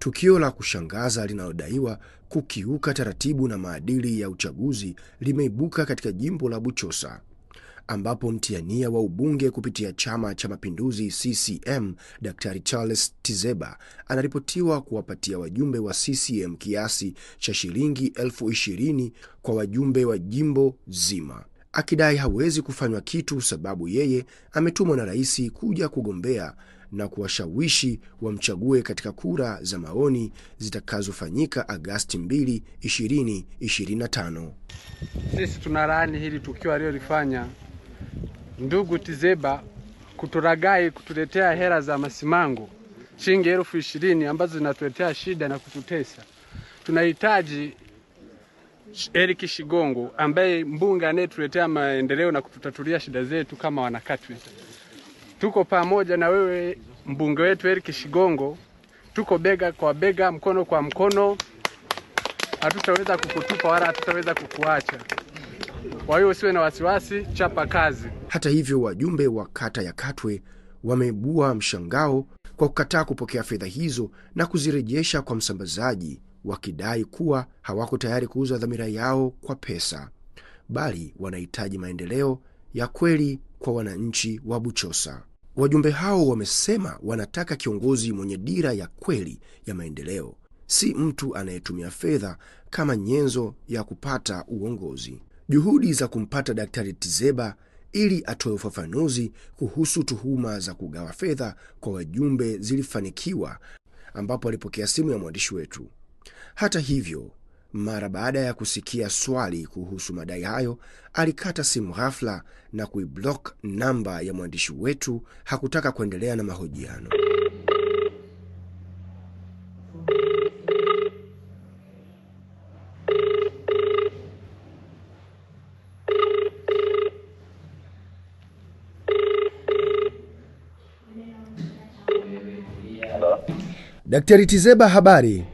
Tukio la kushangaza linalodaiwa kukiuka taratibu na maadili ya uchaguzi limeibuka katika jimbo la Buchosa ambapo mtiania wa ubunge kupitia Chama cha Mapinduzi CCM Daktari Charles Tizeba anaripotiwa kuwapatia wajumbe wa CCM kiasi cha shilingi elfu ishirini kwa wajumbe wa jimbo zima akidai hawezi kufanywa kitu sababu yeye ametumwa na rais kuja kugombea na kuwashawishi wamchague katika kura za maoni zitakazofanyika Agasti 2, 2025. Sisi tunalaani hili tukio aliyolifanya ndugu Tizeba kuturagai kutuletea hela za masimango shilingi elfu ishirini ambazo zinatuletea shida na kututesa. Tunahitaji Eric Shigongo ambaye mbunge anayetuletea maendeleo na kututatulia shida zetu kama Wanakatwe. Tuko pamoja na wewe mbunge wetu Eric Shigongo, tuko bega kwa bega, mkono kwa mkono. Hatutaweza kukutupa wala hatutaweza kukuacha. Kwa hiyo usiwe na wasiwasi, chapa kazi. Hata hivyo, wajumbe wa kata ya Katwe wameibua mshangao kwa kukataa kupokea fedha hizo na kuzirejesha kwa msambazaji wakidai kuwa hawako tayari kuuza dhamira yao kwa pesa, bali wanahitaji maendeleo ya kweli kwa wananchi wa Buchosa. Wajumbe hao wamesema wanataka kiongozi mwenye dira ya kweli ya maendeleo, si mtu anayetumia fedha kama nyenzo ya kupata uongozi. Juhudi za kumpata Daktari Tizeba ili atoe ufafanuzi kuhusu tuhuma za kugawa fedha kwa wajumbe zilifanikiwa, ambapo alipokea simu ya mwandishi wetu. Hata hivyo, mara baada ya kusikia swali kuhusu madai hayo, alikata simu ghafla na kuiblok namba ya mwandishi wetu. Hakutaka kuendelea na mahojiano. Daktari Tizeba, habari?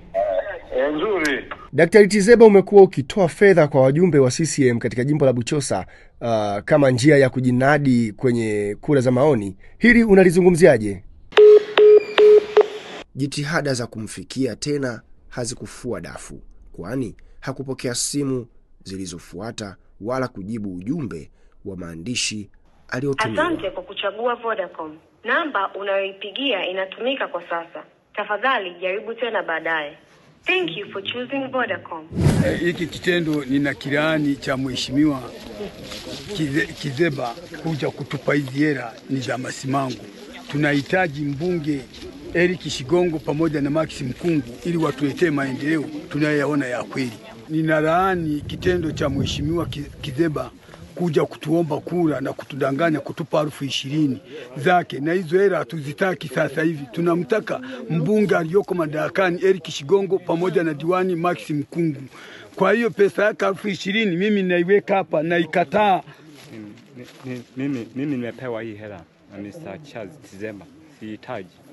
Daktari Tizeba, umekuwa ukitoa fedha kwa wajumbe wa CCM katika jimbo la Buchosa uh, kama njia ya kujinadi kwenye kura za maoni, hili unalizungumziaje? Jitihada za kumfikia tena hazikufua dafu, kwani hakupokea simu zilizofuata wala kujibu ujumbe wa maandishi aliyotumia. Asante kwa kuchagua Vodacom. Namba unayoipigia inatumika kwa sasa. Tafadhali jaribu tena baadaye. Thank you for choosing Vodacom. Eh, hiki kitendo ni na kirani cha mheshimiwa Kize, Kizeba kuja kutupa hizi hela ni za masimango. Tunahitaji mbunge Eric Shigongo pamoja na Max Mkungu ili watuletee maendeleo tunayoyaona ya kweli. Ninalaani kitendo cha mheshimiwa Kizeba kuja kutuomba kura na kutudanganya kutupa elfu ishirini zake, na hizo hela hatuzitaki. Sasa hivi tunamtaka mbunge aliyoko madarakani Eric Shigongo pamoja na diwani Maxi Mkungu. Kwa hiyo pesa yake elfu ishirini mimi naiweka hapa, naikataa. Mimi nimepewa hii hela na Mr. Charles Tizema, sihitaji.